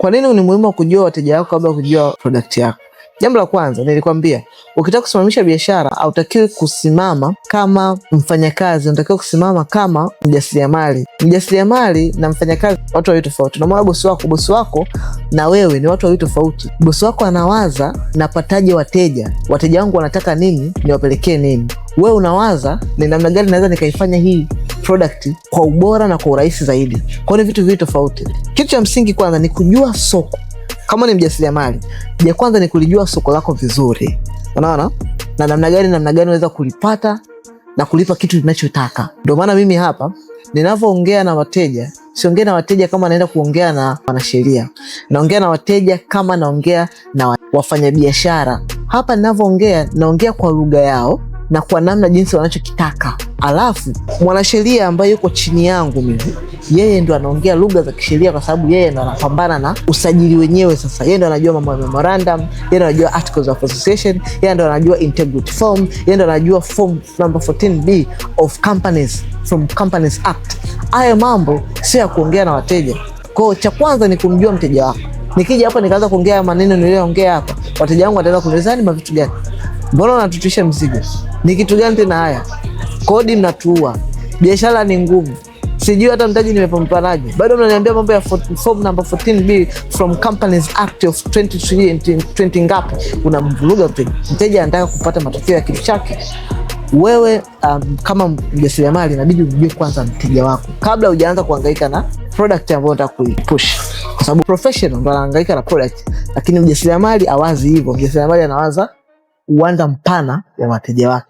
Kwa nini ni muhimu kujua wateja wako kabla kujua product yako? Jambo la kwanza nilikwambia, ukitaka kusimamisha biashara hautakiwi kusimama kama mfanyakazi, unatakiwa kusimama kama mjasiriamali. Mjasiriamali na mfanyakazi watu wawili tofauti. Unamwona bosi wako, bosi wako na wewe ni watu wawili tofauti. Bosi wako anawaza napataje wateja, wateja wangu wanataka nini, niwapelekee nini? Wewe unawaza ni namna gani naweza nikaifanya hii product kwa ubora na kwa urahisi zaidi. Kwa hiyo vitu viwili tofauti. Kitu cha msingi kwanza ni kujua soko. Kama ni mjasiriamali, ya kwanza ni kulijua soko lako vizuri, unaona, na namna gani namna gani unaweza kulipata na kulipa kitu linachotaka. Ndio maana mimi hapa ninavyoongea na wateja siongee na wateja kama naenda kuongea na wanasheria, naongea na wateja kama naongea na wafanyabiashara. Hapa ninavyoongea, naongea kwa lugha yao na kwa namna jinsi wanachokitaka alafu mwanasheria ambaye yuko chini yangu mimi, yeye ndo anaongea lugha za kisheria, kwa sababu yeye ndo anapambana na usajili wenyewe. Sasa yeye ndo anajua mambo ya memorandum, yeye ndo anajua articles of association, yeye ndo anajua integrity form, yeye ndo anajua form number 14B of companies from Companies Act. Haya mambo sio ya kuongea na wateja kwao. Cha kwanza ni kumjua mteja wako. Nikija hapa nikaanza kuongea maneno niliyoongea hapa, wateja wangu wataanza kuniuliza ni yaani mavitu gani? Mbona unatutisha mzigo? Ni kitu gani tena haya? Kodi mnatuua, biashara ni ngumu, sijui hata mtaji nimepampanaje, bado mnaniambia mambo ya form number 14B from Companies Act of 2020 ngapi? Unamvuruga mteja, anataka kupata matokeo ya kitu chake. Wewe um, kama mjasiriamali inabidi ujue kwanza mteja wako kabla hujaanza kuhangaika na product ambayo unataka kuipush, kwa sababu professional ndo anahangaika na product, lakini mjasiriamali awazi hivyo. Mjasiriamali anawaza uwanja mpana wa wateja wake.